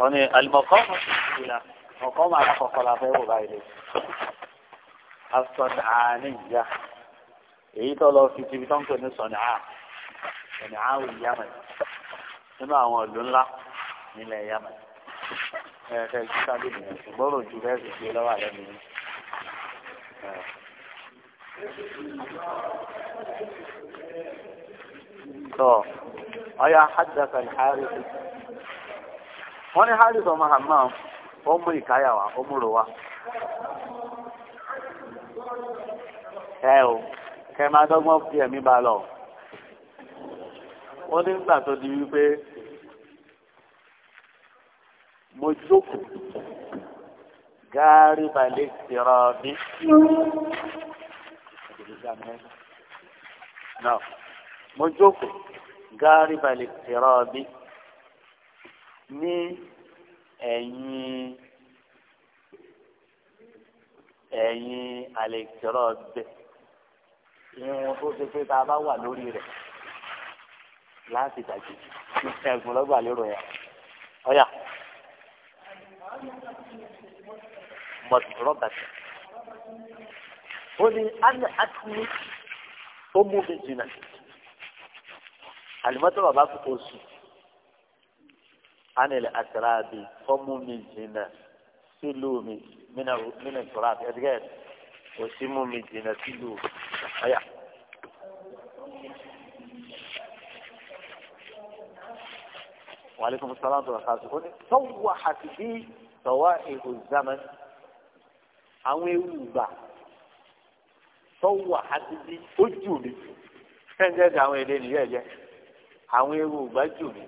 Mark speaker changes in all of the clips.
Speaker 1: يعني المقام لا مقام على فقلافه وبعيده الصنعانية إيه طالو في تبتان كنه صنعاء صنعاء اليمن إنه أول لنلا من اليمن ايه خلي تسالي منه برو جوهاز الجيلة وعلى منه ايه ايه حدث الحارث wọ́n ní harris ọmọ hamam ó mú ìkáyà wá ó múrò wá. ẹ o kẹ máa dọ́gbọ́n fi ẹ̀mí ba lọ. ó ní nígbà tó di wípé
Speaker 2: mo jókòó
Speaker 1: gaari balẹ̀ tìrọ̀ mi. mo jókòó gaari balẹ̀ tìrọ̀ mi ní ẹ̀yìn ẹ̀yìn àlèkìrọ̀ bẹ̀ ìwọ̀n tó ṣe pé tá a bá wà lórí rẹ̀ láti dàgbé ẹ̀gbọ́n lọ́gbà lérò yẹn ọ̀yà mọ̀tòrọ̀ bàtà ó ní àná àtúnyé ó mú mi jìnnà àlùmọ́tò bàbá kò sùn anil asrabi fọmú mi jìnnà sílùú mi mina turabi ẹdígẹ kò sí mú mi jìnnà sílùú ayà. وعليكم السلام ورحمة الله وبركاته صوحت بي صواحب الزمن àwọn ewu ìgbà tọwọ àti bí ó jù mí fẹńdẹẹdì àwọn èdè nìyẹn jẹ àwọn ewu ìgbà jù mí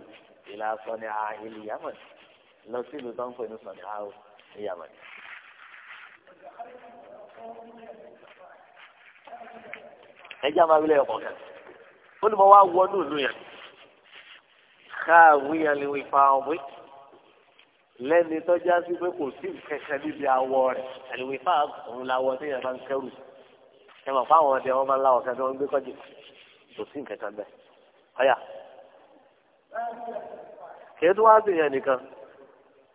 Speaker 1: ìlà sọ̀nì àhìlì yamani lọ sí ìlú tó ń pè ní sọ̀nì àhò ní yamani. ẹjẹ́ àmà abilẹ̀ ọkọ̀ kan ó ní mo wá wọnú ìlú yẹn káàwé yẹn lè fa ọ̀wé lẹ́ni tọ́já sí pé kò sí kẹ̀kẹ́ níbi awọ rẹ̀ àlèwé fa òun làwọ tí yẹn máa ń kẹrù ẹ mọ̀ fáwọn ọdẹ wọn máa ń láwọ kẹkẹ wọn gbé kọjú kò sí kẹkẹ bẹ́ẹ̀ ọ̀yà kìí tún wá sí yẹn nìkan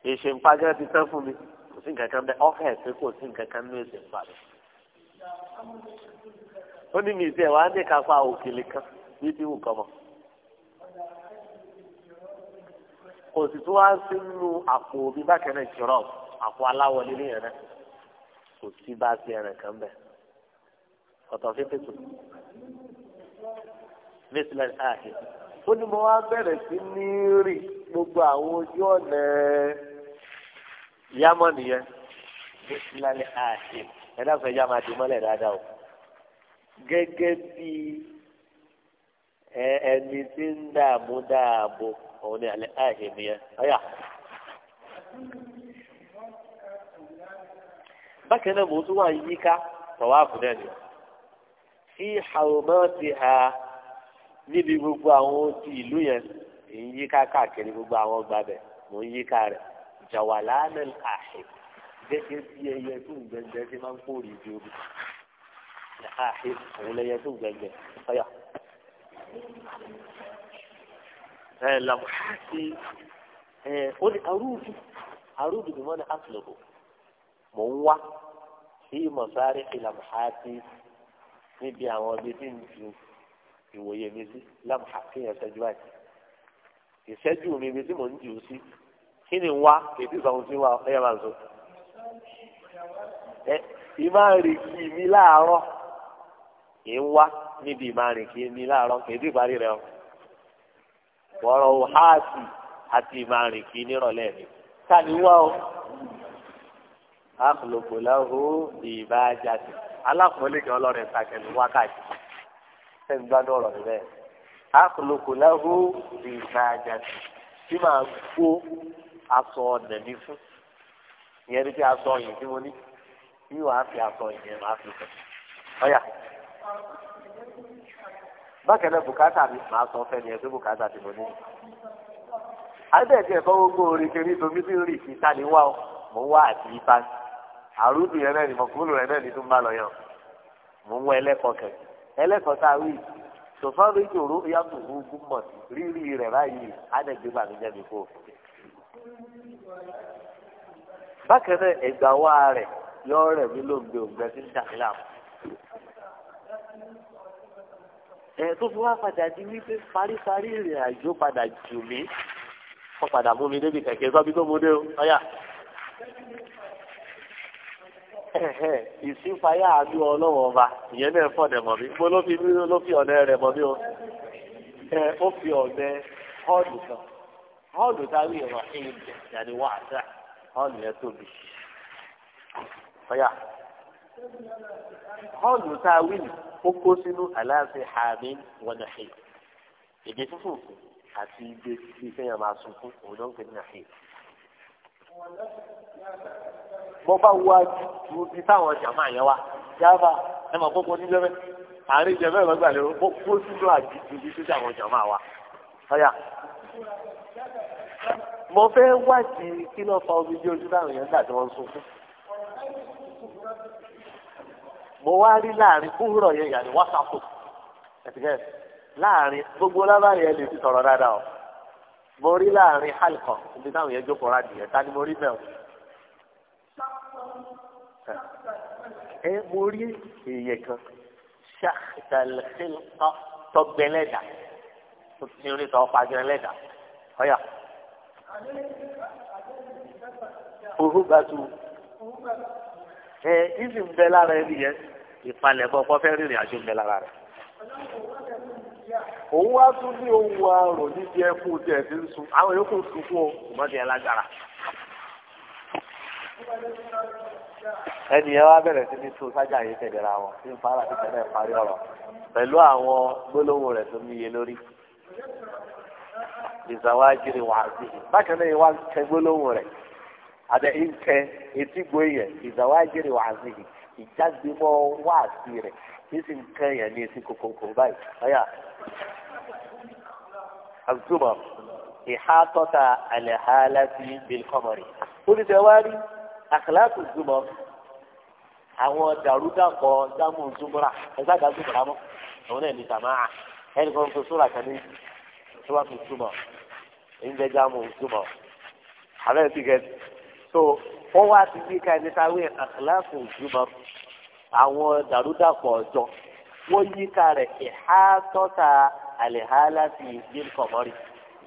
Speaker 1: èsì ńpagẹ́ ti tẹ́ fún mi kò sí nǹkan kan bẹ́ẹ̀ ọkẹ́ ẹ̀sìn kò sí nǹkan kan ní èsì ńpa rẹ̀. ó ní mi ìsì ẹ̀ wá ní kápá òkèlè kan bí ti wù kọ́mọ. kò sì tún wá sínú àpò mi bákan náà jùlọ àpò aláwọ̀ nílé yẹn náà kò sí bá sí ẹ̀rẹ̀ kan bẹ́ẹ̀ ọ̀tọ̀ fífi tù. mísìlẹ̀ ṣáàkì ó ní mo wá bẹ̀rẹ̀ sí ní rìn. gbogbo àwọn ojú ọ̀nà yámọ̀ nìyẹn lálẹ́ àṣẹ ẹ̀dá yá máa di mọ́lẹ̀ dáadáa o gẹ́gẹ́ bí ẹni tí ń dààmú dààbò òun ni àlẹ́ àṣẹ nìyẹn ọ̀yà. bákan náà mò tún wà yíká tọ̀wáàfù náà ni fi hàwùmọ́ ti ha níbi gbogbo àwọn ti ìlú yẹn. ń yí káàkiri gbogbo àwọn ọgbà bẹ̀ mò ń yí ká rẹ̀ jawalanil ahib gẹ́gẹ́ bí ẹyẹ tó ń gbẹgbẹ tí máa ń kórè ju omi ahib òun lẹyẹ tó ń gbẹgbẹ ọyọ. ẹ làmúhàtì ẹ ó ní arúgbó arúgbó ni wọ́n ní asùlùkù mò ń wá sí mọ̀sáré ìlàmúhàtì níbi àwọn ibi tí ń ju ìwòye mi sí làmúhàtì yẹn sẹ́jú báyìí ìṣẹ́jú mi ibi tí mò ń jù ú sí kí ni wá kìí sọ ohun tí wà ẹ̀yà máa sọ. ẹ ìmárìnkì mi láàárọ̀ kì í wá níbi ìmárìnkì mi láàárọ̀ kìí sì parí rẹ o. wọ́rọ̀ òháàtì àti ìmárìnkì nírọ̀lẹ́ mi ká ní wá o. akùlùkùláhù ìbájáde alákùnrin kan ọlọ́rin ìtàkẹ́lù wákàtí. sẹ́ni gbádùn ọ̀rọ̀ mi bẹ́ẹ̀ akolokolahu ìgbàjà tí màá gbó aṣọ ọ̀nà mi fún ìyẹn ní kí aṣọ yìí tí mo ní bí wàá fi aṣọ ìyẹn màá fi kàn ọ̀yà bákan náà bùkátà mi màá sọ fẹ́ ni ẹ pé bùkátà ti mo ní. adẹ́ẹ̀tì ẹ̀fọ́ gbogbo orin kiri domi bí rí ìfita ni wá o mo wá àti ipa àrùbí rẹ náà ni mo kúrò náà ni tó ń bá lọ yàn mo ń wọ ẹlẹ́kọ̀ọ́ kẹ̀ ẹlẹ́kọ̀ọ́ tá a wí sọfáàrù ìjòrò yàtọ̀ gbogbo mọ̀ rírì rẹ̀ báyìí ádẹ́gbẹ́ bàmíjẹ́ mi kò. bákan náà ẹ̀gbà wá rẹ̀ yọ rẹ̀ mí ló ń gbé òǹgbẹ tí ń dàgbà. ẹ̀ tó fi wá padà di wípé paríparí ìrìn àjò padà jù mí wọ́n padà mú mi débi kẹ̀kẹ́ sọ́bí tó mú dé o ìsínfàyà àbí ya ọba ìyẹn náà fọ̀ dẹ̀ mọ̀ mo ló fi mí ló fi ọ̀nà rẹ̀ o ó fi ọ̀nà họ́ọ̀lù kan họ́ọ̀lù táwí ìrọ̀ ìbẹ̀ yàrá wà áṣà họ́ọ̀lù yẹn tóbi ọ̀yà họ́ọ̀lù táwí ó kó sínú aláàfin hàmí wọnàhì ìdí fúnfún àti ìgbésí fẹ́yàn máa sunkún òun ló ń pè ní bọ́ wá ju ti táwọn jàmá yẹn wá jáfa ẹ kókó níjẹ́ bẹ́ẹ̀ àárín ìjẹ́ lọ́gbà lérò kó sínú àjùjù bí sí àwọn jàmá wa. ọ̀yà mo fẹ́ wádìí kí ló fa omi dé ojú táwọn yẹn gbà tí sunkún. mo wá rí láàrin kúrò yẹn yàrá wásaapù ẹ̀tìkẹ́ láàrin gbogbo lábàáyé lè ti sọ̀rọ̀ dáadáa o mo rí láàrin hàlùkọ̀ ibi táwọn yẹn jókòó rádìyẹ ta mo rí bẹ́ẹ̀ o ẹ mo rí èèyàn kan ṣàtàlẹ́kẹ́lẹ́kọ́ tọgbẹ́lẹ́dà tó ti rí sọ pàgẹ́lẹ́dà ọ̀yà. òhun bá tu ẹ ìsì ń bẹ lára ẹni yẹn ìpalẹ̀bọ̀ pọ́fẹ́ rìnrìn àjò ń bẹ lára rẹ̀ òun wá tún ní ohun àrò níbi ẹkún tí ẹ ti ń sun àwọn yòókù sunkún o ìmọ̀dé ẹni yẹn wá bẹ̀rẹ̀ sí ní tún sájà yìí tẹ̀lera wọn tí ń fara títẹ̀ náà parí ọ̀rọ̀ pẹ̀lú àwọn gbólóhùn rẹ̀ tó níye lórí ìzàwájiri wà sí i bákan náà wá ń tẹ gbólóhùn rẹ̀ àdẹ ń tẹ etígbó yẹn ìzàwájiri wà sí i ìjágbémọ́ wà sí rẹ̀ ní sì ń tẹ yẹn ní etí kòkòkò báyìí ọ̀yà àtúbọ̀ ìhátọ́ta àlẹ́ sí bílkọ́mọ̀rì ó ní tẹ wá rí àkàlàkù zùmọ̀ àwọn dàrúdàpọ̀ dámù zùmọ̀rà ẹgbẹ́ àdá zùmọ̀rà mọ́ àwọn náà ní sàmáà ẹnì kan tó sóra kan ní sọ́wọ́pù zùmọ̀ ẹ̀ńdẹ́ dámù zùmọ̀ àbẹ́ ti gẹ̀ so wọ́n wá ti gbé ká ẹni táwé àkàlàkù zùmọ̀ àwọn dàrúdàpọ̀ ọjọ́ wọ́n yí ká rẹ̀ ìhá tọ́ta àlèhálà ti gbé kọ̀mọ́rì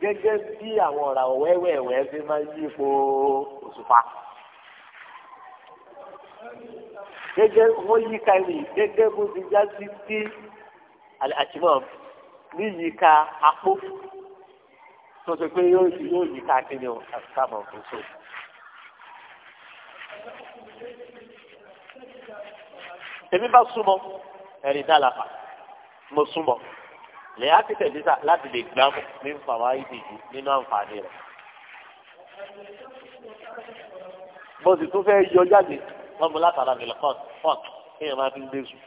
Speaker 1: gẹ́gẹ́ bí àwọn ọ̀rà wẹ́wẹ́wẹ́ fi máa ń yí po òṣùpá gẹ́gẹ́ wọ́n yí ka ní gẹ́gẹ́ bó ti já sí sí àtìmọ́ ní yí ka apó tó ṣe pé yóò yóò yí ka kí ni o àtìkámọ̀ kò so.
Speaker 2: èmi bá súnmọ́
Speaker 1: ẹ̀rí dá la fà mo súnmọ́ lẹ́yìn àtìkẹ́ dídà láti lè gbà mọ́ ní nfa wa yìí nìyí nínú àǹfààní rẹ̀. mo sì tún fẹ́ yọ jáde wọn mú látara mi lọkọ fọk kéèyàn máa fi ń gbé sùn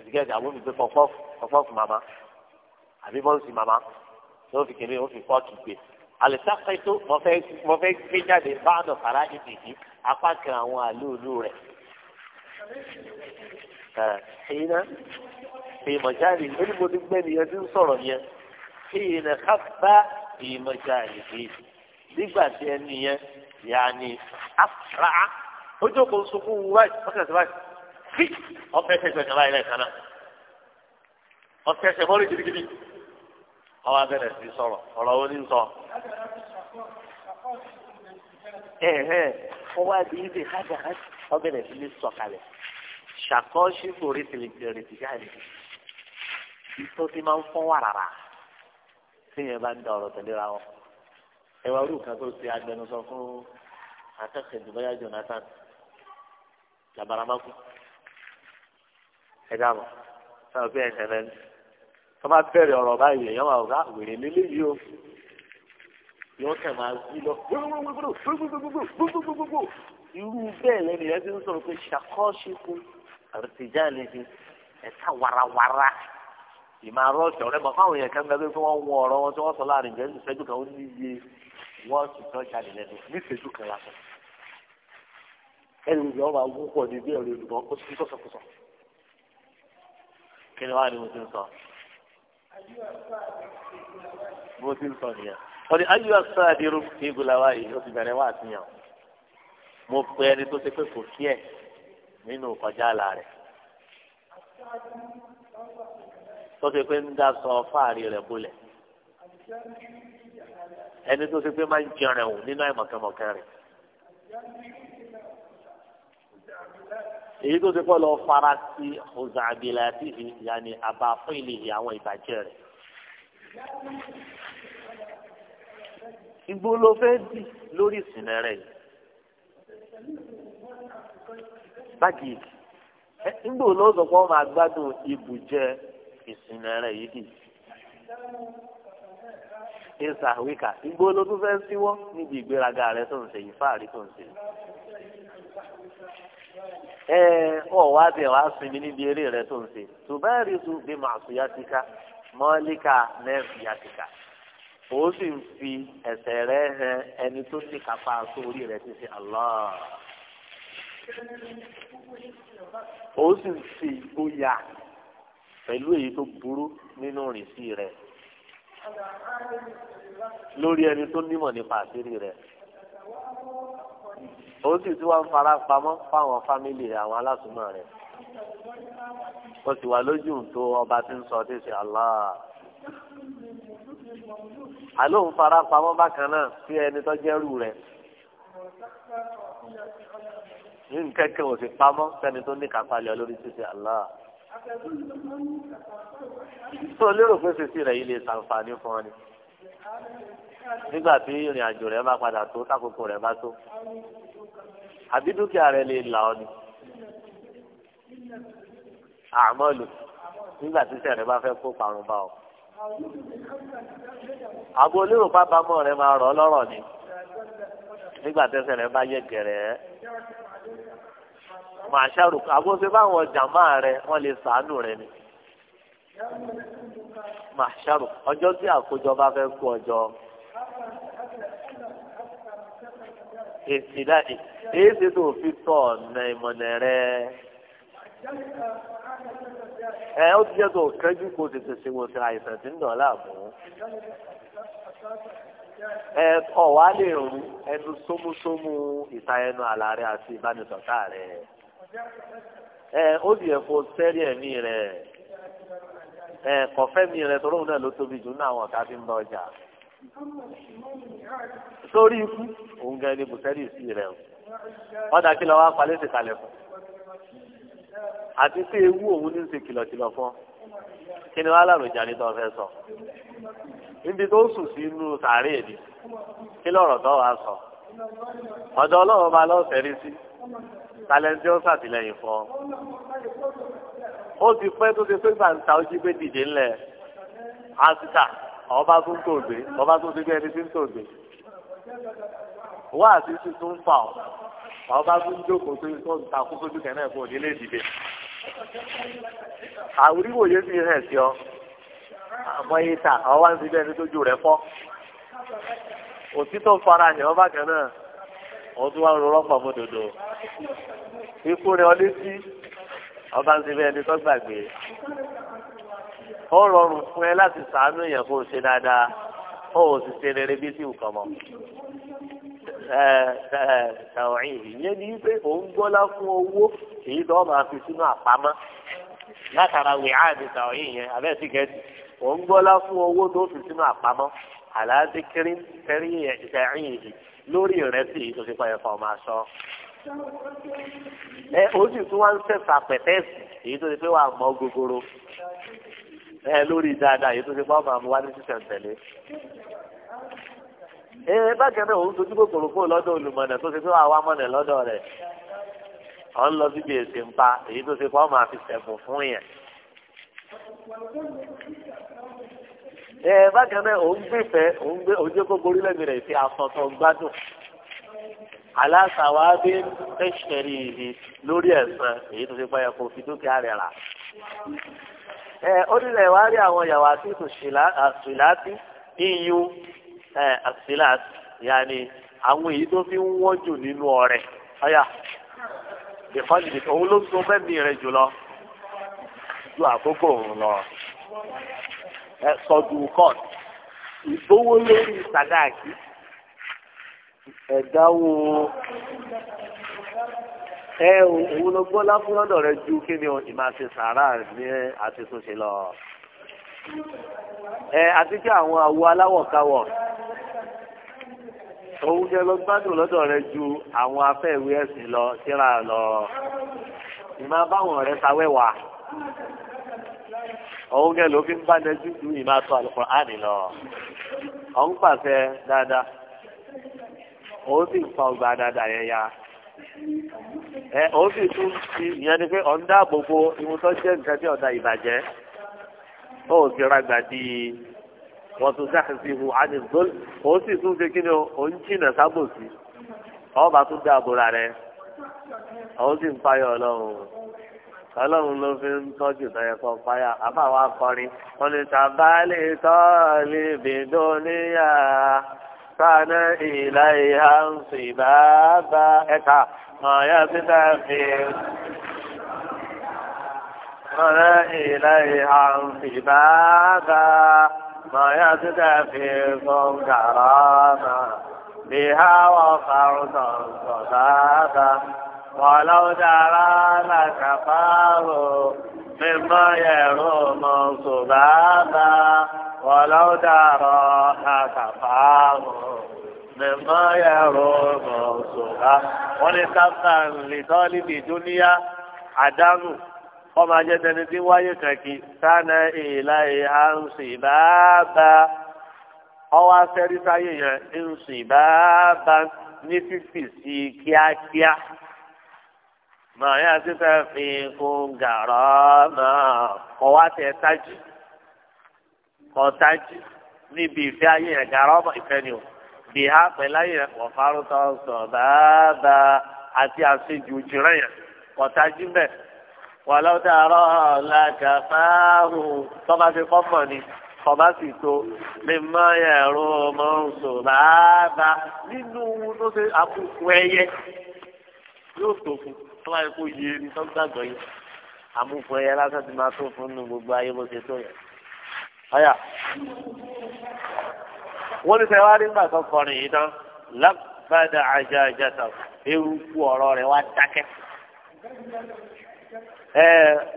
Speaker 1: ìdíkẹ́ ìjà àwọn olùgbé fọfọ́fù màmá àbí bọ́ọ̀sì màmá tó fi kéde ó fi fọ́ọ̀kì gbé àlùsáfẹ́tò mo fẹ́ gbé jáde báàdọ̀ fara ìdìgí apá kan àwọn àlóòlù rẹ̀ ẹ̀yìn náà ìmọ̀jáde onímọ̀tò gbẹ́ni ẹni ń sọ̀rọ̀ yẹn ẹ̀yìn náà ká bá ìmọ̀jáde nígbà tí ẹni yẹn yà ni afra. ojú kò sunkún wù báyìí ọkẹ sí báyìí fi ọfẹ ẹsẹ ìjọba ilẹ kan náà ọfẹ ẹsẹ mọlẹ gidigidi ọwọ abẹrẹ sí sọ̀rọ̀ ọ̀rọ̀ wo ni ń sọ. ọwọ àbíyí ti hájà hájà ọbẹrẹ sí ní sọ̀kalẹ̀ ṣàkọọṣì forí tìlìtìlì tìjáde ìtọ́ ti máa ń fọ́n wàràrà tíyẹn bá ń da ọ̀rọ̀ tẹ̀léra wọn. ẹ wá rú nǹkan tó ti agbẹnusọ fún akẹ́kẹ̀ẹ́ dùbọ́yà Jonathan làbàràmákù ẹ dáàbò sábà bí ẹsẹ rẹ tó bá bẹ̀rẹ̀ ọ̀rọ̀ báyìí èèyàn máa wá ah, wèrè lélẹ̀ yìí o yóò kàn máa wí lọ gbogbogbogbogbogbogbogbogbogbogbò irú bẹ́ẹ̀ lẹ́nu yẹn ti ń sọ̀rọ̀ pé ṣàkóṣìkò àrùtìjà lè fi ẹ̀ka warawara ìmọ̀ àrọ́ ọ̀sẹ̀ ọ̀rẹ́ mọ̀ fáwọn èèyàn kan gbẹ́gbẹ́ pé wọ́n wọ ọ̀rọ̀ wọn tí wọ́n sọ láàrin ìgbẹ́ ìṣẹ́jú kan ó ní iye wọ́ọ̀sì tó jáde lẹ́nu ní ìṣẹ́jú kan yàtọ̀ ẹni yọ ọba wúkọ ní bí ẹ̀rọ olùkọ́ ó ti sọ̀sọ̀kọ̀sọ̀ kí ni wàá ní mo ti ń sọ mo ti ń sọ nìyẹn wọ́n ní ayé wa sọ àdìrú kí ibùdókòwò yìí ó ti bẹ̀rẹ̀ wá àtìyàn mo pe ẹni tó ṣe pé kò kí ẹ̀ nínú kọjá àlà rẹ̀
Speaker 2: tó ṣe pé ń dá sọ fáàrí rẹ̀ bolẹ̀ ẹni tó ṣe
Speaker 1: pé máa ń jẹun nínú àìmọ̀kẹ́mọ̀kẹ́ rẹ̀ èyí tó ti kọ́ lọ fara sí ọ̀zàbìlà tìhì yanni àbá fún ìlìhì àwọn ìbàjẹ́ rẹ̀. ìgbó ló fẹ́ dì lórí ìsìn rẹ̀ yìí. báàgì ìgbó ló sọ pé wọ́n máa gbádùn ibùjẹ ìsìn rẹ̀ yìí dì. ìsà wíkà ìgbó ló fẹ́ síwọ́ níbi ìgbéraga rẹ̀ tó ń ṣe yìí fáàrí tó ń ṣe ẹ ọ wá bẹ wá sinmi níbi eré rẹ tó ń ṣe tùbẹ́ẹ̀rì tù bí màṣúyà ti ká mọ́líkà nẹ́ẹ̀fì yà ti ká ó sì ń fi ẹsẹ̀ rẹ hàn ẹni tó ti kápá sórí rẹ ti ṣe Allah ó sì ń fi ìgboyà pẹ̀lú èyí tó burú nínú ìrìnsí rẹ lórí ẹni tó nímọ̀ nípa àṣírí rẹ òun sì ti wá ń fara pamọ́ fáwọn fámìlì àwọn alásùnmọ́ rẹ̀ ó sì wà lójú tó ọba tí ń sọ tí ṣe Allah àló ń fara pamọ́ bákan náà sí ẹni tó jẹ́rù rẹ̀ ní nkẹ́kẹ́ ò sì pamọ́ sẹ́ni tó ní kápálẹ̀ lórí ṣíṣe Allah tó lérò pé ṣèṣì rẹ̀ yìí lè ṣàǹfààní fún ọ ni. nígbà tí ìrìn àjò rẹ̀ bá padà tó sákòókò rẹ̀ bá tó àbí dúkìá rẹ̀ lè là ni àmọ́lù nígbà tí sẹ̀rẹ̀ bá fẹ́ kó parun bá ọ. àbò olérò pápámọ́ rẹ̀ máa rọ̀ lọ́rọ̀ ni nígbà tí sẹ̀rẹ̀ bá yẹ gẹ̀rẹ́ ẹ́ màá ṣàrò àbò ṣe báwọn jàmbá rẹ wọ́n lè sàánù rẹ ni màá ṣàrò ọjọ́ tí àkójọ bá fẹ́ kú ọjọ́. E èyí ṣe tó fi tọ̀ ọ̀nà ìmọ̀nà rẹ. ẹ ó ti jẹ́ tó kẹ́jú kó si ṣe wò sí àìsàn tí ń dàn láàmú.
Speaker 2: ẹ ọ̀ wá lè rún
Speaker 1: ẹnu sómúsómú ìta ẹnu àlá rẹ àti ìbánisọ̀tà rẹ. ẹ ó sì yẹ kó sẹ́rí ẹ̀mí rẹ. ẹ kọ̀fẹ́ mi rẹ tó lóun náà ló tóbi jù ní àwọn ọ̀tá ń ọjà. sórí ikú òun gan ni bùtẹ́rì sí rẹ̀ o
Speaker 2: ọ̀dà kí lọ wá palẹ́ sí kalẹ̀
Speaker 1: fún àti pé ewu òun ní ṣe kìlọ̀ fún kí ni wàá làròjà ní tó fẹ́ sọ níbi tó sùn sí inú sàárè ni kí lọ̀rọ̀ tó wàá sọ ọ̀dọ̀ ọlọ́run máa lọ́ọ̀fẹ́ rí sí talẹ́ńtì ó sàtìlẹ́yìn fún ọ ó ti pẹ́ tó ti pé gbàǹtà ojú dìde ńlẹ̀ áṣíkà. ọba tó ń tòògbé ọba tó ti gbé ẹni tí ń tòògbé wá àti tí tó fà ọ ọba tó ń jókòó tó ń tó ń ta kókó tó kẹ́nẹ́ fún òdílé ìdìbò
Speaker 2: àwòrìwòye ti hẹ̀ sí ọ àmọ́
Speaker 1: yìí ta ọwá ń ti bẹ́ẹ̀ ní tójú rẹ̀ fọ́ òtítọ́ fara hẹ̀ ọba kan náà wọ́n tún wá ń rọrọ́ mọ́ dòdò ikú rẹ̀ ọ létí ọba ń ti bẹ́ẹ̀ ní tó gbàgbé ó rọrùn fún ẹ láti sàánú èèyàn kó o ṣe dáadáa ó o sì ṣe rere bí tí ò kàn mọ́. ṣàwọn ìyẹn ni pé òun gbọ́lá fún owó èyí tó máa fi sínú àpamọ́ látara wíwá àti ṣàwọn ìyẹn abẹ́ sí kẹ́tì òun gbọ́lá fún owó tó fi sínú àpamọ́ àlàáfíà kiri kẹrí ṣàwọn ìyẹn lórí ìrẹsì tó ti pààyàn fún ọmọ aṣọ ẹ o sì tún wá ń sẹ̀sà pẹ̀tẹ́ẹ̀sì èyí tó ti pé wà mọ́ gogoro ẹ lórí dáadáa yìí tó ṣe fáwọn àmú wá ní sísẹ̀ tẹ̀lé. ee bákan náà òun sojú kòkòrò kó lọ́dọ̀ olùmọ̀nà tó ṣe fún àwa mọ̀nà lọ́dọ̀ rẹ̀ ọ̀ ń lọ síbi èsì ń pa èyí tó ṣe fáwọn àfi sẹ̀fù fún yẹn. ee bákan náà òun gbèfẹ́ òun gbé òun jẹ́ gbogbo orílẹ̀-èdè rẹ̀ fi àfọ̀tọ̀ gbádùn aláṣàwábí tẹ̀sítẹ̀rì yìí lórí ẹ̀sán orílẹ̀ wa rí àwọn yàwó àti àṣìláàtì iyun àṣìláàtì yàní àwọn èyí tó fi ń wọ́n jù nínú ọ̀rẹ́ ọ̀yà òun ló ń jùlọ ju àkókò òun lọ sọdù ìgbówó lórí ẹ òun ló gbọ́ láfúrọ́dọ̀ rẹ ju kí ni ìmọ̀ àti sàárà ní àti tó ṣe lọ. ẹ àti kí àwọn àwo aláwọ̀káwọ̀ òun jẹ́ ló gbádùn lọ́dọ̀ rẹ ju àwọn afẹ́wé ẹ̀sìn lọ síra lọ. ìmọ̀ báwọn ọ̀rẹ́ sawẹ́wà òun jẹ́ ló fi ń bá nẹ́jú ju ìmọ̀ àtọ́ àlùkùránì lọ. òun pàṣẹ dáadáa òun sì ń fa ọgbà dáadáa yẹn ya ẹ òun sì tún ti ìyẹn ni pé ọ̀n dáàbò bo ìwọ̀n tó jẹ́ nǹkan tí ọ̀dà ìbàjẹ́ ó sì ragbà di wọ́n tún sáàsì hu àdìgbòl òun sì tún ṣe kí ni òun jìnà sábòsí ọba tún dáàbò ra rẹ òun sì ń fáyọ̀ ọlọ́run ọlọ́run ló fi ń tọ́jú tọ́yẹ kan fáyà àbá wa kọrin wọn ni tàbá lè tọ́ أحسن إليها انصبابا إكا ما يستفيد
Speaker 2: أحسن إليها
Speaker 1: انصبابا ما يستفيد كراما بها وفرد صبابا ولو جرى لكفاه مما يروم صبابا ولو داراها تفاهم مما يروم سوءا ولسبقا لطالب دنيا عدم وما جدني دي ويككي سنة إليها انصبابا ọwọ́ afẹ́rí sáyé yẹn ń sìn bàbá ní fífi sí kíákíá màá yà sí fẹ́ fi kún gàrọ́ náà ọwọ́ àti ẹ̀ sájì kọ̀ọ̀tájì níbi ìfẹ́ ayé rẹ̀ gàrọ́ ọmọ ìfẹ́ ni o bí ha pẹ̀lú ayé rẹ̀ wọ̀ fárúntọ́ sọ bàbà àti àṣejù jìrẹ́ yẹn kọ̀ọ̀tájì mẹ́ wàlọ́ dàrọ́ làkàfáàrù tọ́ba ti kọ́ ni kọ̀ọ̀bá sì tó mímọ́ ẹ̀rọ ọmọ sọ bàbà nínú ohun tó ṣe àbùkù ẹyẹ yóò tó fún tọ́ba yẹ kó yé ni tọ́ àmúfọ ẹyẹ lásán ti máa tó fún nu gbogbo ayé bó ṣe tó yẹn ọ̀yà wọ́n ní sẹ́wá nígbà tó kọrin yìí tán lábàdà àjà àjà tán eruku ọ̀rọ̀ rẹ̀ wá dákẹ́. ẹ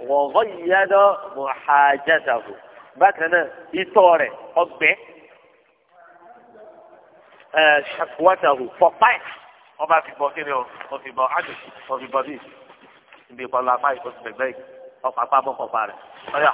Speaker 1: wọ̀ngọ́ ìyádọ́ mọ̀hájà tàbó bákan náà itọ́ rẹ̀ ọgbẹ́ ẹ ṣàkóso fọ́pá ẹ̀ ọba fi bọ́ kí ni ọ fi bọ́ àjò ọ fi bọ́ bí ibi ìpàlọ́ apá ìkọ́sí gbẹ̀gbẹ́ yìí apá bọ́ kọ́pa rẹ̀ ọ̀yà.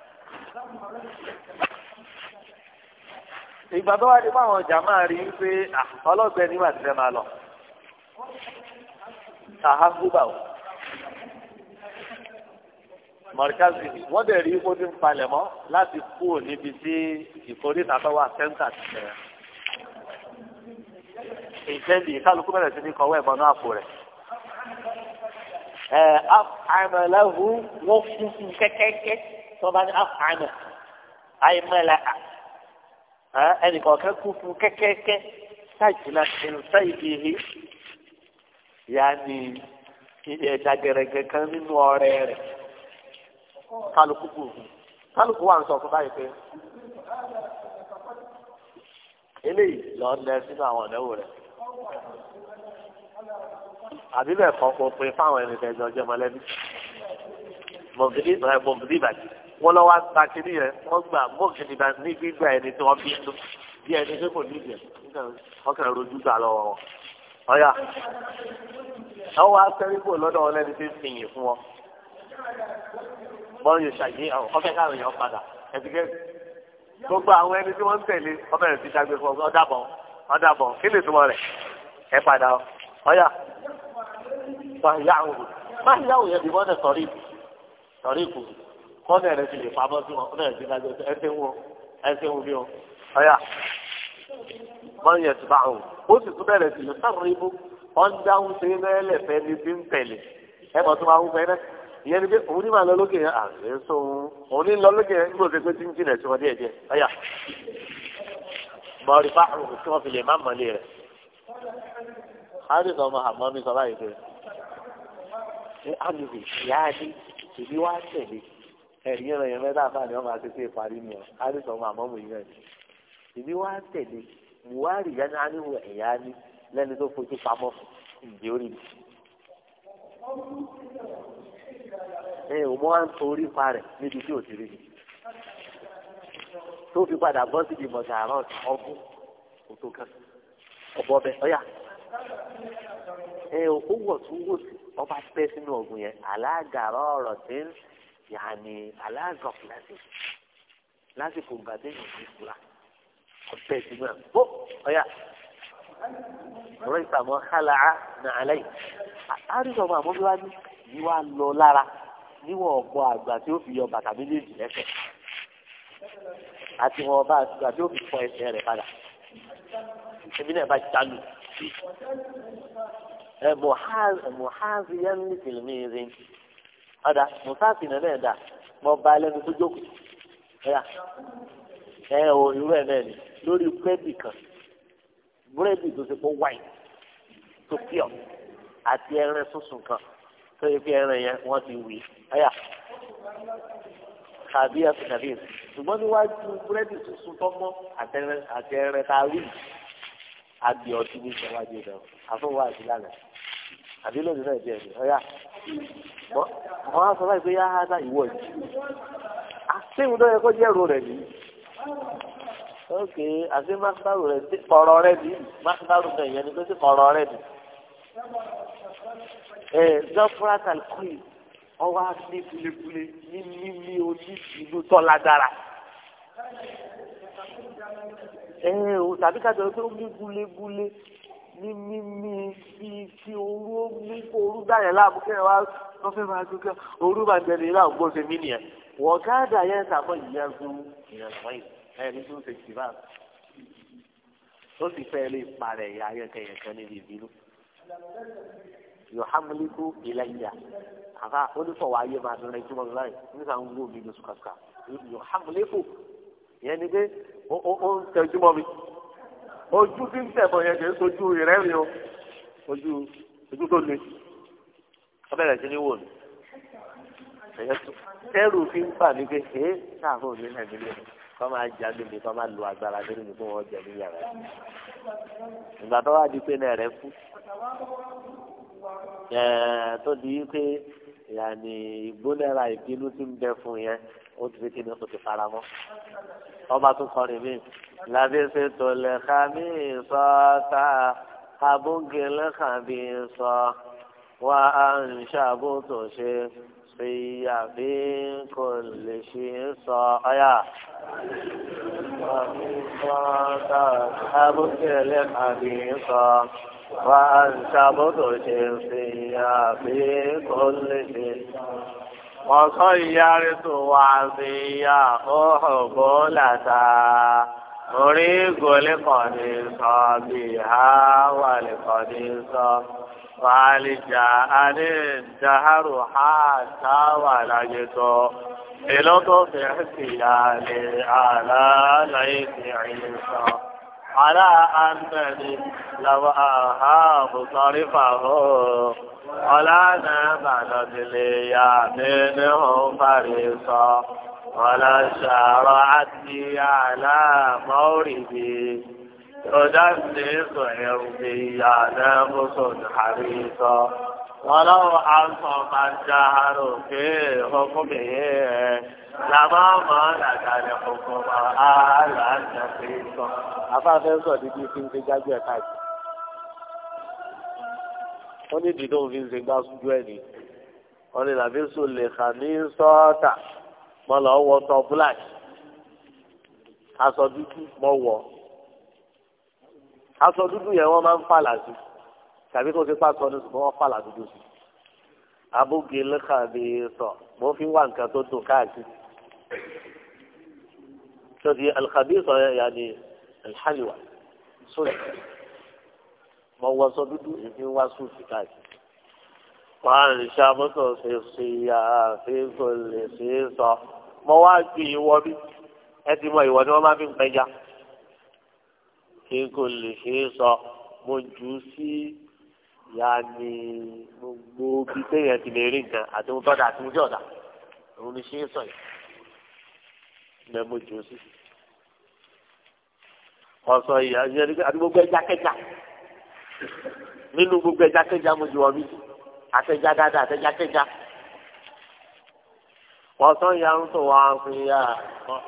Speaker 1: ìgbà tó wá ní báwọn ọjà máa rí pé ọlọ́gbẹ́ ní màtí fẹ́ máa lọ àhágúbà o mọ̀ríkàzì wọ́n dẹ̀ rí kó ti ń palẹ̀ mọ́ láti kú níbi tí ìkórìtà tó wà sẹ́ńtà ti tẹ̀. ìfẹ́ǹdì kálukú bẹ̀rẹ̀ sí ní kọ́wọ́ ẹ̀bọ̀n náà kò rẹ̀. ẹ̀ àmàlẹ́hu wọ́n fún un kẹ́kẹ́kẹ́ tọ́ba ní afáàmì àìmọ́lá ẹnìkan kẹ́ kú fún kẹ́kẹ́kẹ́ sáìjìlá ṣẹlẹ̀ sáìjìlá yaani ẹja gẹrẹgẹ kan nínú ọrẹ rẹ kálukú kù kálukú wà ń sọ fún báyìí pé eléyìí lọ́ọ́ lẹ sínú àwọn ọ̀dẹ́wò rẹ
Speaker 2: àbí bẹ́ẹ̀ kọ́ kó pé
Speaker 1: fáwọn ẹni tẹ́jọ́ jẹ́ mọ́lẹ́bí mọ̀gídì bàjẹ́ wọ́n lọ́wọ́ àtàkìrí yẹn wọ́n gbà mọ́kìnrin náà ní gbígbà ẹni tí wọ́n fi lò bí ẹni tí kò níjẹ wọ́n kàn rojú gbà lọ́wọ́ wọn. ọ̀yà ọwọ́ akẹ́rìbò lọ́dọ̀ wọn lẹ́ni tí ń fìyìn fún wọn. bọ́ọ̀lù ṣàyé ọ̀fẹ́ káàrọ̀ yẹn padà ẹ̀dígẹ́ gbogbo àwọn ẹni tí wọ́n ń tẹ̀lé ọbẹ̀ rẹ̀ ti ṣàgbé fún ọ dàbọ̀ kí lè túmọ̀ rẹ̀ ẹ padà ọ̀yà máa yáwò máa yáwò yẹn bí wọ́n tẹ̀ sọ̀rí sọ̀rí kù kọ́nà rẹ̀ ti lè pamọ́ sí wọn kọ́nà rẹ̀ ti dájọ́ sí ẹsẹ̀ wọn ẹsẹ̀ wọn bí ọ̀yà wọ́n yẹ ti bá wọn ó sì tún bẹ̀rẹ̀ sí lọ sáré ibú wọ́n dáhùn sí mẹ́lẹ̀ fẹ́ ni ti ń tẹ̀lé ẹ mọ̀ tó máa ń fẹ́ náà ìyẹn ni pé òun ní màá lọ lókè yẹn àgbẹ̀ sọ òun òun ní lọ lókè yẹn nígbà pé tí ń jìnà sí wọn díẹ̀ díẹ̀ ọ̀yà mọ̀rí bá àwọn tí wọ́n fi lè má mọ̀lé ẹ̀yìn rẹ̀ yẹn mẹ́ta fà ni wọ́n máa ṣe ṣe parí ni ọ́ àdìsọ́ ọmọ àmọ́ mi yẹn ìbí wá tẹ̀lé buhari yẹn á níwò ẹ̀yà ni lẹ́ni tó fojú pamọ́ ǹjẹ́ orí mi. ẹ ò mọ́ à ń torí pa rẹ̀ níbi tí ò ti rí mi tó fi padà bọ́ síbi mọ̀tà àrùn ọkùn òtò kan ọ̀bọ bẹ ọ̀yà ẹ ò wọ̀ tún wò sí ọba pẹ́ sínú ọ̀gùn yẹn alágàrọ̀ ọ̀rọ̀ tí ń yàní aláàzọ̀kìlásì lásìkò gbàdéyìn ní ìfura ọ̀tẹ̀ ìdìbò náà bó ọ̀yà ọ̀rọ̀ ìtàmọ́ hàlàá nà àlàyé àríwọ̀ ọmọ àmọ́ bí wàá ní yìí wàá lọ lára níwọ̀n ọ̀pọ̀ àgbà tí ó fi yọ bàtà méjèèjì lẹ́sẹ̀ àti wọn ọba àti àti òfin fọ ẹsẹ̀ rẹ̀ padà
Speaker 2: ẹbí náà bá jalu
Speaker 1: ẹ mọ̀ hàn ẹ mọ̀ hàn sí yẹn ní tìlímì rẹ̀ ọ̀dà mùsáàsì náà náà dà mọ ba lẹ́nu tó jókòó ẹ̀yà ẹ̀ ò irú ẹ̀ náà ni lórí búrẹ́dì kan búrẹ́dì tó ti pọ̀ wáì tó pìọ̀ àti ẹran sísun kan tó yẹ kí ẹran yẹn wọ́n ti wì ẹ̀yà tàbí ẹ̀sùn tàbí ẹ̀sùn ṣùgbọ́n níwájú búrẹ́dì sísun tó mọ́ àti ẹran tá a wí àbí ọtí ní ìṣẹ́wájú ìdáwọ̀ àfọwọ́ àti lánàá àbí lóde náà jẹ́ ẹ̀dẹ̀ ọ̀yà gbọ́ wọ́n á sọ láì pé yáá dá ìwọ yìí àṣìwò tó yẹ kó jẹ́ èrò rẹ̀ yìí ok àṣìwò mákàtàrù rẹ̀ sí ọ̀rọ̀ rẹ̀ yìí mákàtàrù rẹ̀ yẹn ni pé sí ọ̀rọ̀ rẹ̀ yìí. ẹ zọfúrátà kọ́ì ọwọ́ á ní ní mímí oníṣìlú tọ́lá dára ẹ tàbí ká jọ pé ó ní gúlégúlé ní mímí fi fi orú ó mú kó orú dáyẹ̀ láàmú kẹ́rẹ̀ wá wọ́n fẹ́ máa gbé orú máa jẹ nìyẹn láàmú gbọ́dọ̀ mí nìyẹn wọ́n gáàdà yẹn sàmọ́ ìyá gún ìyẹn lọ́wọ́ yìí ẹni tó ń ṣe jì báà ó sì fẹ́ lè parẹ́ ìyá ayẹ́kẹ́yẹ̀kẹ́ níbi ìbínú yòhámúlíkù ìlẹ́yà àbá onífọ̀wọ́ ayé máa dún ẹjú mọ́ láì nígbà ń wó mi lóṣù kàkà yòhámúlíkù ìyẹn ni pé ó ń tẹjú mọ́ mi ojú tí ń tẹ̀bọ̀ yẹn kì í sojú ìrẹ́rìn o ojú ojú tó le wọ́n bẹ̀rẹ̀ sí ní wò ni tẹ́rù fi ń bà mí pé ṣé káàfó ní nàìjíríà kọ́ máa jà níbi kọ́ máa lo agbára lórí mi tó wọ́n jẹ ní yàrá ìgbà tó wá di pé náà rẹ kú tó di pé yàní ìgbónára ìbínú ti ń bẹ fún yẹn ó ti fi kí ni ó ti fara mọ́ ọba tó kọrin mí labisi tole khabisa ta abugil khabisa wa an shabuto shi siya fi kulli shi sa aya abugil khabisa wa an shabuto shi siya fi kulli shi وصيرت وعصيا أحبولتا أريق لقد صابها ولقد صاب فالجاء الدهر حتى ولجت بلطف احتلال على ليث عيسى على أنني لو أهاب طرفه ولا نبلد لي منه فريصا ولا شرعتني على موردي تدنس عرضي على مصد حريصا ولو عصم الدهر في حكمه لما ملك الحكم أهلا نفيصا afáfẹ́ sọ dídí fi ń ṣe jájú ẹ̀ káàkiri wọ́n ní dídó fi ń ṣe gbásùjú ẹ̀ ní wọ́n ní làbí lè kà ní sọ́ọ̀tà mo lọ wọ sọ fúláṣì aṣọ dúdú mo wọ aṣọ dúdú yẹn wọ́n máa ń fàlà sí tàbí kó ti pàṣọ ní ṣùgbọ́n wọ́n fàlà dúdú sí abúgi lẹ́kàdé sọ mo fi wá nǹkan tó tó káàkiri sọdí alxabíìsọ yàní alḥaliwa sóòtù mo wọ aṣọ dúdú èmi wá sóòtù káàkiri. وعن الشعب في الصيا في كل سيصة mo wá ju ìwọ bí ẹ ti mọ ìwọ ni wọ́n máa fi ń pẹja kí n kò lè ṣe é sọ mo jù ú sí yaani gbogbo bí téèyàn ti lè rí nǹkan àti mo tọ́jà àti mo jẹ́ ọ̀dà òun ni ṣe é sọ yìí lẹ́ mo jù ú sí ọ̀sọ̀ yìí àti gbogbo ẹja kẹja nínú gbogbo ẹja kẹja mo jù ọ bí àtẹjá dáadáa àtẹjá kẹja pọ̀sán yarun tó wà fi ya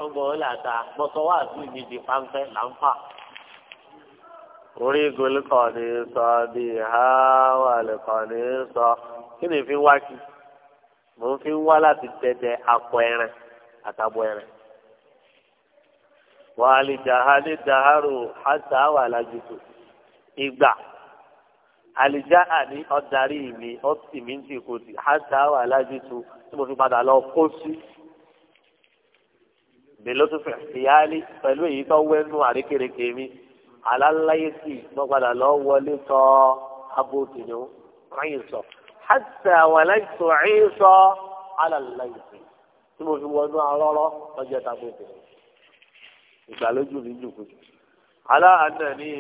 Speaker 1: ọgbọ̀n ó làtà pọ̀sán wà sí ibi di pàǹpẹ́ làǹfà. orí igolí kan ní sọ bí ha wà lẹ́kọ̀ọ́ ní sọ kí ni fi wá kí mò fi wá láti dẹdẹ akọ ẹran àtàbọ ẹran. wàhálì jahali jaharu hasa wà lájútó ìgbà àlìjá àní ọ̀darí mi ọ̀sì mi ń tì kò tì hàtà wà lájú tu tí mo fi padà lọ kó sí. bèló tó fẹ̀ ìyáálé pẹ̀lú èyí tó wẹ́nu àríkèrèkè mi aláláyé sì mo padà lọ wọlé tọ́ abótìní ráyìn sọ. hàtà wà láyé tó ráyìn sọ aláláyé sì tí mo fi wọnú arọ́rọ́ lọ́jọ́ tàbótìní. ìgbàlódé mi jù kú aláàánú ni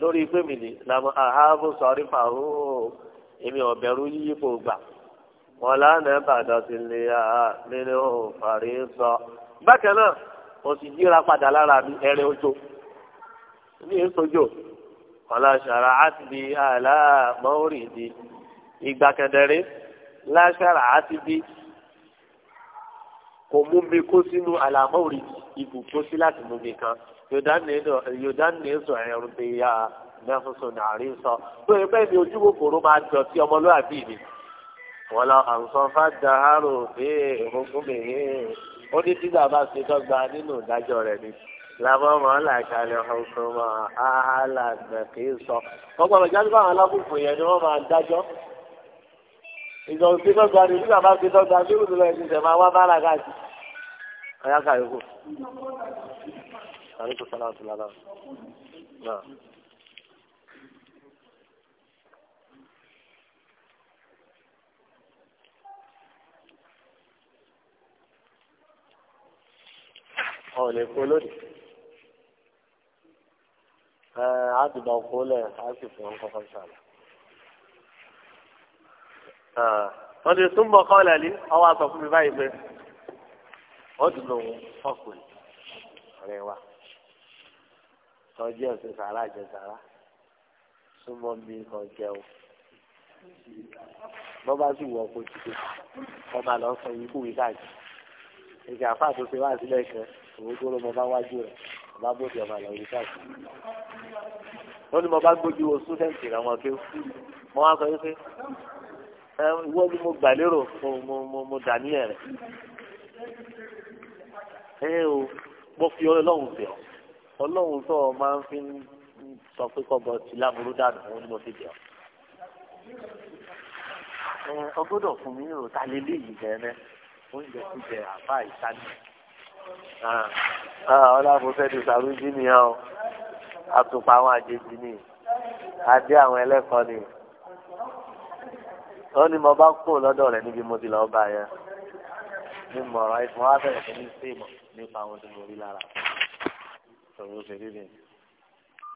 Speaker 1: lórí pé mi ni làmú àhábù sọrí fàáhù èmi ọ̀bẹ̀rù yíyípo gbà wọn lánàá bàdàn sí lè à nínú fàrí sọ. bákan náà mo sì yíra padà lára mi ẹrẹ ojo ní èsojo ọlọ́ṣàrà àti bí aláàmọ́rìndì ìgbà kẹdẹrẹ láṣàrà àti bí kò mú mi kó sínú aláàmọ́rìndì ibùkó sí láti mú mi kan yòdánì sọ ẹ̀rù ti ya mẹ́fúsùn nàárí sọ pé ẹgbẹ́ mi ojú kòkòrò máa jọ sí ọmọlúwàbí mi wọn lọ àǹsọ̀fà dàárò pé ìrúnkún mi ní ó ní tí bàbá ṣe dọ́gba nínú ìdájọ́ rẹ̀ ni làwọn ọmọ làkàlẹ̀ ọ̀sùn mọ́ àhálà nàkì sọ ọgbọ́n ìjà nípa àwọn alábùkù yẹn ni wọ́n máa dájọ́ ìjọ òsè dọ́gba ni tí bàbá ṣe dọ́gba bí òdùlọ ẹ̀sìn tẹ̀ máa wá bára عليكم السلام ورحمة الله نعم ọ̀nà èkó lónìí a ti bá ọkọ lẹ a sì fún ọkọ kan sàlẹ. wọ́n ti túnbọ̀ kọ́ lẹ́lí ọwọ́ àtọ̀ fún mi báyìí pé ó dùn lòun fọ́kùnrin ọ̀rẹ́ wa kọjá ọ̀sẹ̀ sàrà jẹ sàrà súnmọ́ mi kan jẹun bọ́ bá sì wọ ọkọ̀ òtítọ́ wọ́n máa lọ sọ ikú wí káàkiri ìgbà àfa àtúnṣe wá sílẹ̀ kan òun tó ló mọ bá wájú rẹ̀ ọba bòdì ọmọ àlọ́ wí káàkiri. wọ́n ní mo bá gbójú wo sútẹ́ǹtì rẹ̀ wọn kéwù mo wá sọ wípé ìwọ ni mo gbà lérò mo dà ní ẹ̀rẹ̀ ẹ o mo fi ọlọ́run bẹ̀ ọ́ ọlọ́run tó o máa ń fi sọ pé kọ́bọ̀ tí láburú dànù òun ni mo fi bẹ̀ ọ́. ọ gbọ́dọ̀ fún mi rò ta lè lé yìí bẹ̀rẹ̀ oúnjẹ ti bẹ̀ àbá ìsáni. ọlọ́run ti sàrújí ni ọ àtùpà àwọn àjèjì ni adé àwọn ẹlẹ́kọ̀ọ́ ni ó ní mo bá kó lọ́dọ̀ rẹ̀ níbi mo ti lọ́ọ́ bá yẹn ní mọ̀ràn ìfọwọ́fẹ́ ìfẹ́ ní sèmọ̀ nípa àwọn tó mo rí lára. 走路谁的？